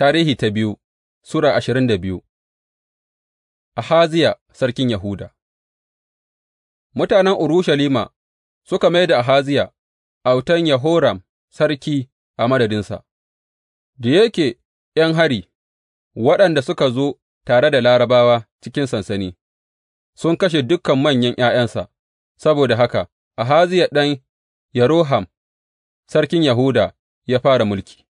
Tarihi ta biyu Sura ashirin da biyu Ahaziya sarkin Yahuda Mutanen Urushalima suka mai da Ahaziya autan yahoram sarki a madadinsa, da yake ’yan hari waɗanda suka zo tare da larabawa cikin sansani sun kashe dukan manyan ’ya'yansa, saboda haka Ahaziya ɗan Yeroham sarkin Yahuda ya fara mulki.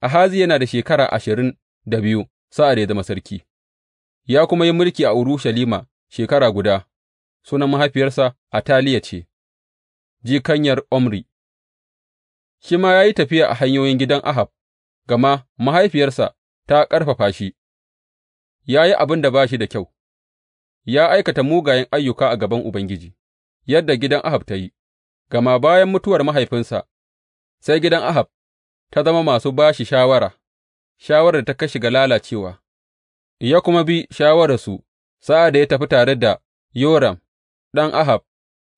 Ahaziya yana da shekara ashirin da biyu sa'ad da ya zama sarki, ya kuma yi mulki a Urushalima shekara guda, sunan mahaifiyarsa a Taliya ce, jikanyar Omri, shi ma ya yi tafiya a hanyoyin gidan Ahab, gama mahaifiyarsa ta ƙarfafa shi, ya yi abin da ba shi da kyau, ya aikata mugayen ayyuka a gaban Ubangiji, yadda gidan Ahab ta yi, gama bayan mutuwar mahaifinsa, sai gidan Ahab ta zama masu ba shi shawara, shawarar da ta kashe ga lalacewa, ya kuma bi shawararsu sa'ad da ya tafi tare da Yoram ɗan Ahab,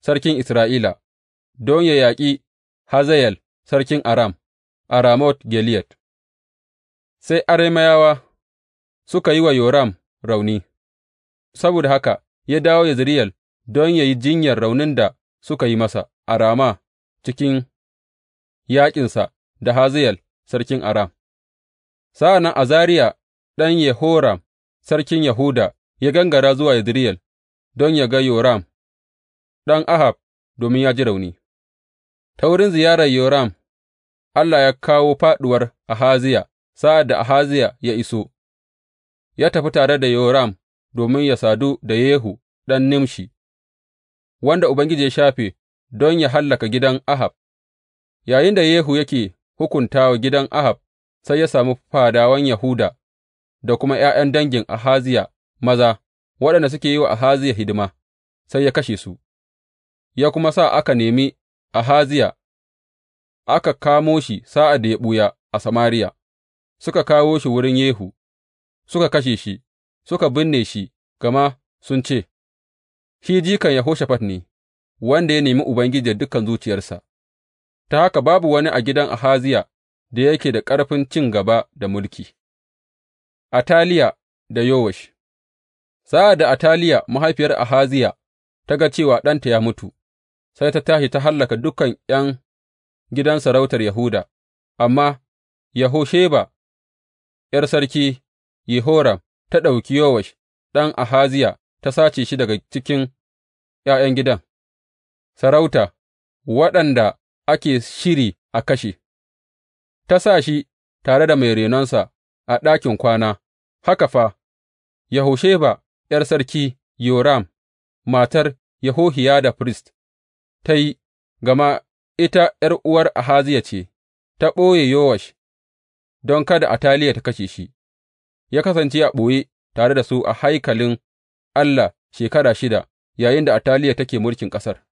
sarkin Isra'ila, don ya yaƙi Hazayel sarkin Aram a Ramot Sai Aramayawa suka yi wa Yoram rauni, saboda haka ya dawo Yezireyel don ya yi jinyar raunin da suka yi masa a Rama cikin yaƙinsa da Hazayel sarkin Aram. Sa'an nan Azariya ɗan Yehoram sarkin Yahuda ya gangara zuwa Yezireyel don yă ga Yoram ɗan Ahab domin ya ji rauni. Ta wurin ziyarar Yoram, Allah ya kawo faɗuwar Ahaziya sa'ad da Ahaziya ya iso, ya tafi tare da Yoram domin ya sadu da Yehu ɗan Nimshi, wanda Ubangiji ya shafe don ya hallaka gidan Ahab, Yayin da Yehu yake hukunta wa gidan Ahab, sai ya sami fadawan Yahuda da kuma ’ya'yan dangin Ahaziya maza waɗanda suke yi wa Ahaziya hidima, sai ya kashe su, ya kuma sa aka nemi Ahaziya, aka kamo shi sa'ad da ya ɓuya a Samariya, suka kawo shi wurin Yehu, suka kashe shi, suka binne shi, gama sun ce, Shi jikan yahushafat ne, wanda ya nemi Ubangiji da dukan zuciyarsa. ta haka babu wani a gidan Ahaziya da yake da ƙarfin cin gaba da mulki. Ataliya da Yowash Sa'ad da Ataliya mahaifiyar Ahaziya ta ga cewa ɗanta ya mutu, sai ta tashi ta hallaka dukan ’yan gidan sarautar Yahuda, amma Yahosheba, ’yar sarki Yehoram, ta ɗauki Yowash ɗan Ahaziya ta sace shi daga cikin ’ya'yan gidan sarauta waɗanda ake shiri a kashe, ta sa shi tare da mai renonsa a ɗakin kwana, haka fa, Yahusheba ’yar sarki Yoram, matar Yahohiya da firist, ta yi, gama ita ’yar'uwar Ahaziya ce, ta ɓoye Yowash don kada a taliya ta kashe shi, ya kasance a ɓoye tare da su a haikalin Allah shekara shida yayin yayinda Ataliya take mulkin ƙasar.